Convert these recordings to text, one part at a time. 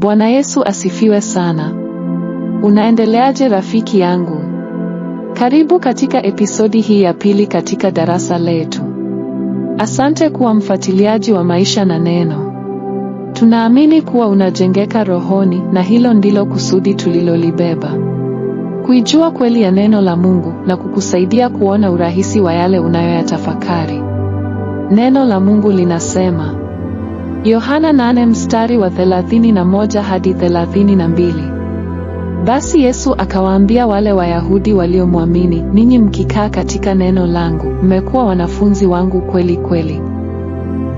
Bwana Yesu asifiwe sana. Unaendeleaje rafiki yangu? Karibu katika episodi hii ya pili katika darasa letu. Asante kuwa mfuatiliaji wa Maisha na Neno. Tunaamini kuwa unajengeka rohoni na hilo ndilo kusudi tulilolibeba. Kuijua kweli ya neno la Mungu na kukusaidia kuona urahisi wa yale unayoyatafakari. Neno la Mungu linasema Yohana 8 mstari wa 31 hadi 32. Basi Yesu akawaambia wale Wayahudi waliomwamini, ninyi mkikaa katika neno langu, mmekuwa wanafunzi wangu kweli kweli.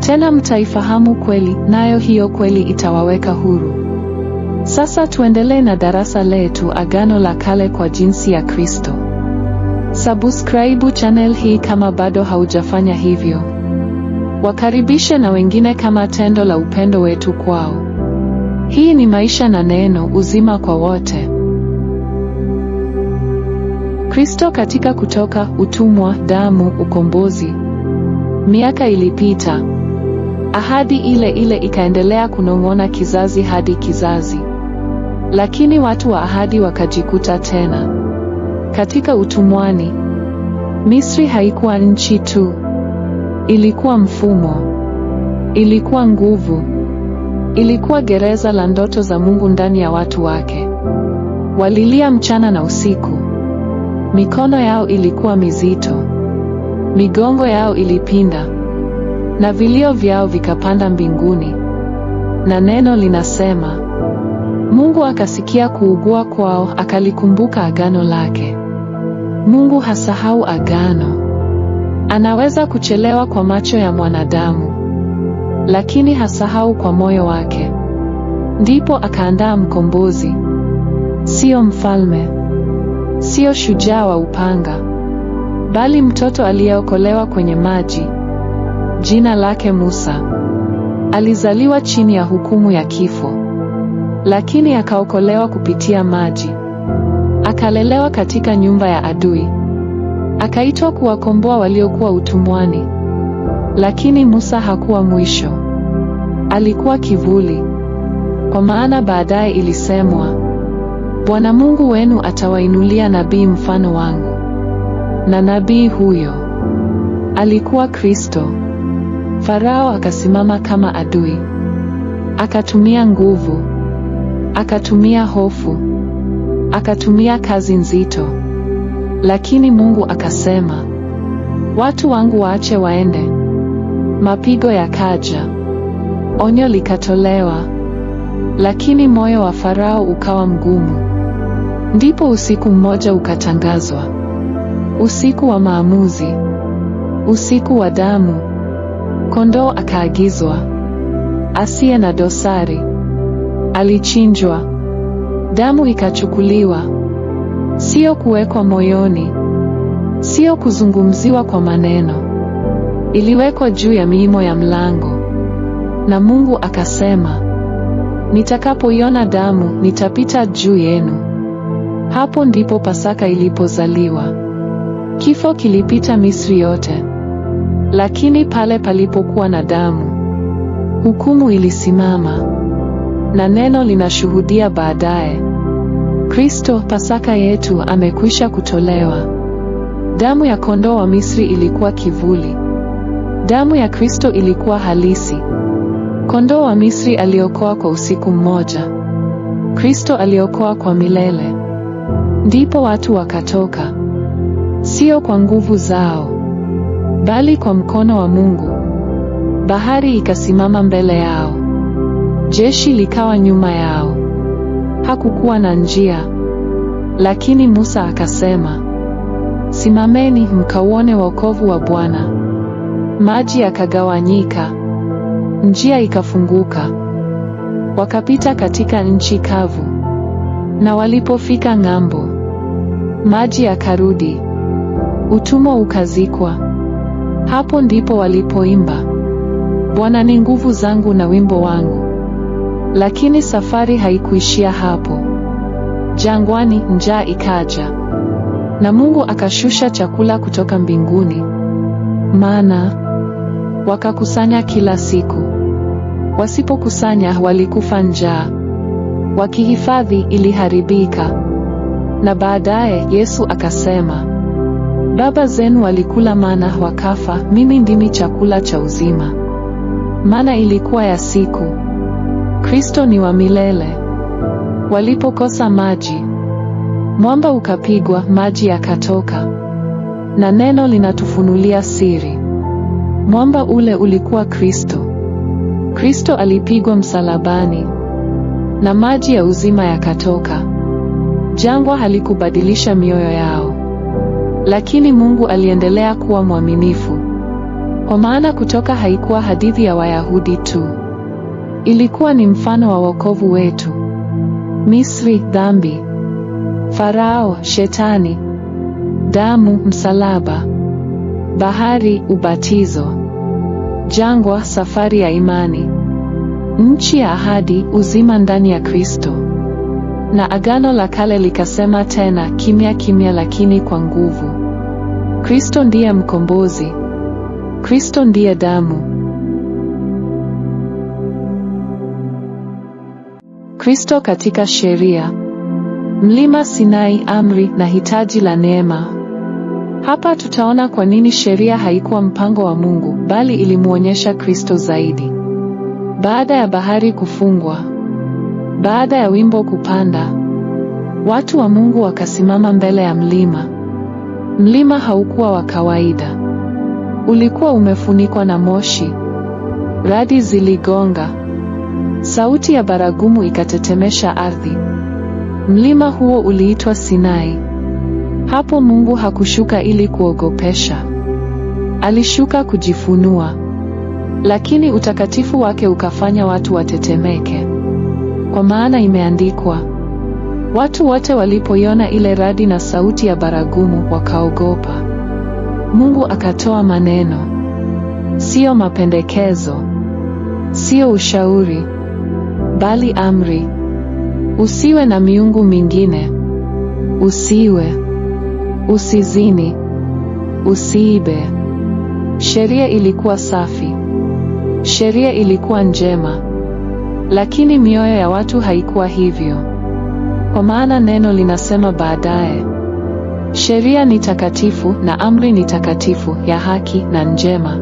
Tena mtaifahamu kweli, nayo hiyo kweli itawaweka huru. Sasa tuendelee na darasa letu Agano la Kale kwa jinsi ya Kristo. Subscribe channel hii kama bado haujafanya hivyo wakaribishe na wengine kama tendo la upendo wetu kwao. Hii ni Maisha na Neno, uzima kwa wote. Kristo katika kutoka utumwa, damu, ukombozi. Miaka ilipita, ahadi ile ile ikaendelea kunong'ona kizazi hadi kizazi, lakini watu wa ahadi wakajikuta tena katika utumwani. Misri haikuwa nchi tu Ilikuwa mfumo, ilikuwa nguvu, ilikuwa gereza la ndoto za Mungu ndani ya watu wake. Walilia mchana na usiku, mikono yao ilikuwa mizito, migongo yao ilipinda, na vilio vyao vikapanda mbinguni. Na neno linasema Mungu akasikia kuugua kwao, akalikumbuka agano lake. Mungu hasahau agano. Anaweza kuchelewa kwa macho ya mwanadamu, lakini hasahau kwa moyo wake. Ndipo akaandaa mkombozi, sio mfalme, sio shujaa wa upanga, bali mtoto aliyeokolewa kwenye maji. Jina lake Musa. Alizaliwa chini ya hukumu ya kifo, lakini akaokolewa kupitia maji. Akalelewa katika nyumba ya adui. Akaitwa kuwakomboa waliokuwa utumwani. Lakini Musa hakuwa mwisho. Alikuwa kivuli. Kwa maana baadaye ilisemwa, Bwana Mungu wenu atawainulia nabii mfano wangu. Na nabii huyo alikuwa Kristo. Farao akasimama kama adui. Akatumia nguvu. Akatumia hofu. Akatumia kazi nzito. Lakini Mungu akasema, watu wangu waache waende. Mapigo yakaja, onyo likatolewa, lakini moyo wa Farao ukawa mgumu. Ndipo usiku mmoja ukatangazwa, usiku wa maamuzi, usiku wa damu. Kondoo akaagizwa, asiye na dosari alichinjwa, damu ikachukuliwa sio kuwekwa moyoni, sio kuzungumziwa kwa maneno. Iliwekwa juu ya miimo ya mlango, na Mungu akasema, nitakapoiona damu nitapita juu yenu. Hapo ndipo Pasaka ilipozaliwa. Kifo kilipita Misri yote, lakini pale palipokuwa na damu, hukumu ilisimama, na neno linashuhudia baadaye Kristo Pasaka yetu amekwisha kutolewa. Damu ya kondoo wa Misri ilikuwa kivuli. Damu ya Kristo ilikuwa halisi. Kondoo wa Misri aliokoa kwa usiku mmoja. Kristo aliokoa kwa milele. Ndipo watu wakatoka. Sio kwa nguvu zao, bali kwa mkono wa Mungu. Bahari ikasimama mbele yao. Jeshi likawa nyuma yao hakukuwa na njia. Lakini Musa akasema, simameni mkauone wokovu wa Bwana. Maji yakagawanyika, njia ikafunguka, wakapita katika nchi kavu, na walipofika ng'ambo, maji yakarudi, utumwa ukazikwa. Hapo ndipo walipoimba, Bwana ni nguvu zangu na wimbo wangu. Lakini safari haikuishia hapo. Jangwani njaa ikaja, na Mungu akashusha chakula kutoka mbinguni, maana wakakusanya kila siku. Wasipokusanya walikufa njaa, wakihifadhi iliharibika. Na baadaye Yesu akasema, baba zenu walikula mana wakafa, mimi ndimi chakula cha uzima. Mana ilikuwa ya siku Kristo ni wa milele. Walipokosa maji, mwamba ukapigwa, maji yakatoka. Na neno linatufunulia siri. Mwamba ule ulikuwa Kristo. Kristo alipigwa msalabani na maji ya uzima yakatoka. Jangwa halikubadilisha mioyo yao. Lakini Mungu aliendelea kuwa mwaminifu. Kwa maana kutoka haikuwa hadithi ya Wayahudi tu. Ilikuwa ni mfano wa wokovu wetu. Misri, dhambi; Farao, shetani; damu, msalaba; bahari, ubatizo; jangwa, safari ya imani; nchi ya ahadi, uzima ndani ya Kristo. Na Agano la Kale likasema tena kimya kimya, lakini kwa nguvu: Kristo ndiye mkombozi. Kristo ndiye damu. Kristo katika sheria. Mlima Sinai, amri na hitaji la neema. Hapa tutaona kwa nini sheria haikuwa mpango wa Mungu, bali ilimwonyesha Kristo zaidi. Baada ya bahari kufungwa, baada ya wimbo kupanda, watu wa Mungu wakasimama mbele ya mlima. Mlima haukuwa wa kawaida. Ulikuwa umefunikwa na moshi. Radi ziligonga. Sauti ya baragumu ikatetemesha ardhi. Mlima huo uliitwa Sinai. Hapo Mungu hakushuka ili kuogopesha. Alishuka kujifunua. Lakini utakatifu wake ukafanya watu watetemeke. Kwa maana imeandikwa, watu wote walipoiona ile radi na sauti ya baragumu wakaogopa. Mungu akatoa maneno. Sio mapendekezo. Sio ushauri bali amri. Usiwe na miungu mingine. Usiwe. Usizini. Usiibe. Sheria ilikuwa safi. Sheria ilikuwa njema. Lakini mioyo ya watu haikuwa hivyo. Kwa maana neno linasema baadaye, sheria ni takatifu na amri ni takatifu, ya haki na njema.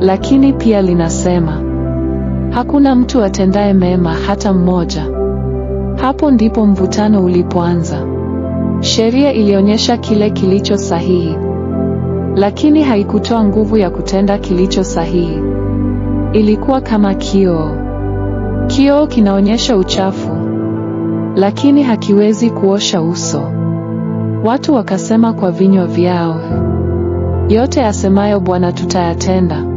Lakini pia linasema Hakuna mtu atendaye mema hata mmoja. Hapo ndipo mvutano ulipoanza. Sheria ilionyesha kile kilicho sahihi, lakini haikutoa nguvu ya kutenda kilicho sahihi. Ilikuwa kama kioo. Kioo kinaonyesha uchafu, lakini hakiwezi kuosha uso. Watu wakasema kwa vinywa vyao, yote asemayo Bwana tutayatenda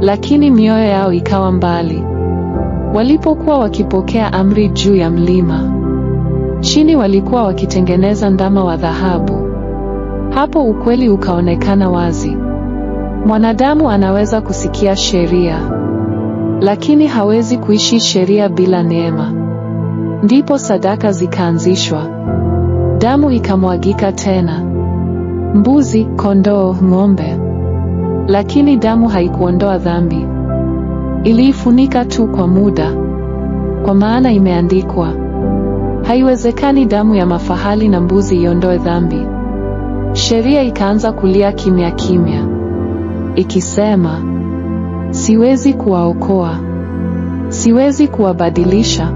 lakini mioyo yao ikawa mbali. Walipokuwa wakipokea amri juu ya mlima, chini walikuwa wakitengeneza ndama wa dhahabu. Hapo ukweli ukaonekana wazi. Mwanadamu anaweza kusikia sheria, lakini hawezi kuishi sheria bila neema. Ndipo sadaka zikaanzishwa, damu ikamwagika tena, mbuzi, kondoo, ng'ombe lakini damu haikuondoa dhambi, iliifunika tu kwa muda, kwa maana imeandikwa, haiwezekani damu ya mafahali na mbuzi iondoe dhambi. Sheria ikaanza kulia kimya kimya, ikisema, siwezi kuwaokoa, siwezi kuwabadilisha,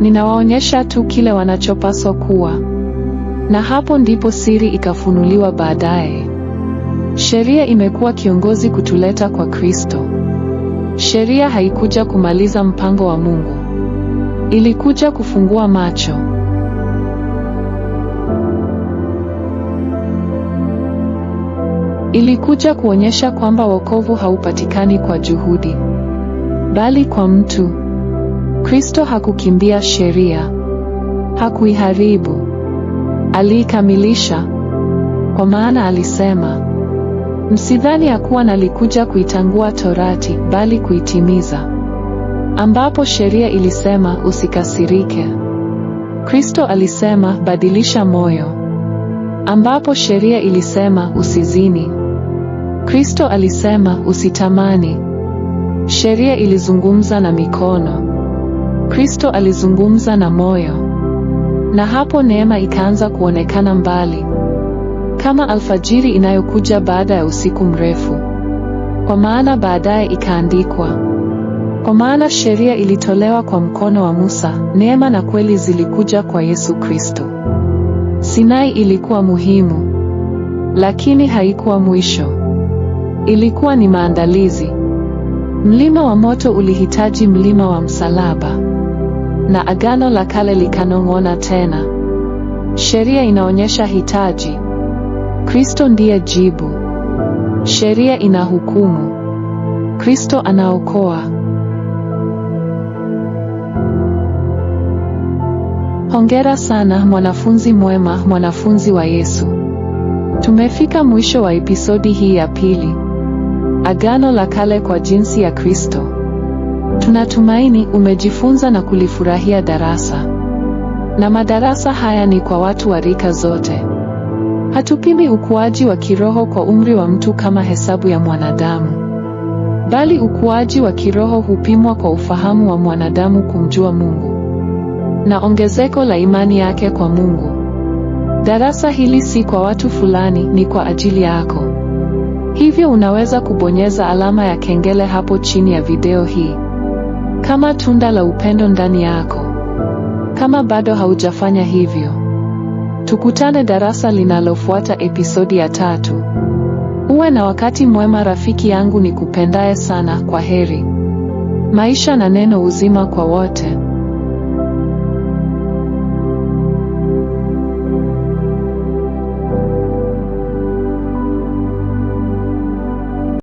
ninawaonyesha tu kile wanachopaswa kuwa. Na hapo ndipo siri ikafunuliwa baadaye. Sheria imekuwa kiongozi kutuleta kwa Kristo. Sheria haikuja kumaliza mpango wa Mungu. Ilikuja kufungua macho. Ilikuja kuonyesha kwamba wokovu haupatikani kwa juhudi, bali kwa mtu. Kristo hakukimbia sheria. Hakuiharibu. Aliikamilisha. Kwa maana alisema, Msidhani ya kuwa nalikuja kuitangua Torati, bali kuitimiza. Ambapo sheria ilisema usikasirike, Kristo alisema badilisha moyo. Ambapo sheria ilisema usizini, Kristo alisema usitamani. Sheria ilizungumza na mikono, Kristo alizungumza na moyo. Na hapo neema ikaanza kuonekana mbali kama alfajiri inayokuja baada ya usiku mrefu. Kwa maana baadaye ikaandikwa, kwa maana sheria ilitolewa kwa mkono wa Musa, neema na kweli zilikuja kwa Yesu Kristo. Sinai ilikuwa muhimu, lakini haikuwa mwisho. Ilikuwa ni maandalizi. Mlima wa moto ulihitaji mlima wa msalaba, na Agano la Kale likanong'ona tena, sheria inaonyesha hitaji Kristo ndiye jibu. Sheria inahukumu, Kristo anaokoa. Hongera sana mwanafunzi mwema, mwanafunzi wa Yesu. Tumefika mwisho wa episodi hii ya pili, Agano la Kale kwa jinsi ya Kristo. Tunatumaini umejifunza na kulifurahia darasa. Na madarasa haya ni kwa watu wa rika zote. Hatupimi ukuaji wa kiroho kwa umri wa mtu kama hesabu ya mwanadamu, bali ukuaji wa kiroho hupimwa kwa ufahamu wa mwanadamu kumjua Mungu na ongezeko la imani yake kwa Mungu. Darasa hili si kwa watu fulani, ni kwa ajili yako. Hivyo unaweza kubonyeza alama ya kengele hapo chini ya video hii. Kama tunda la upendo ndani yako. Kama bado haujafanya hivyo Tukutane darasa linalofuata episodi ya tatu. Uwe na wakati mwema rafiki yangu nikupendaye sana. Kwa heri. Maisha na Neno Uzima kwa wote.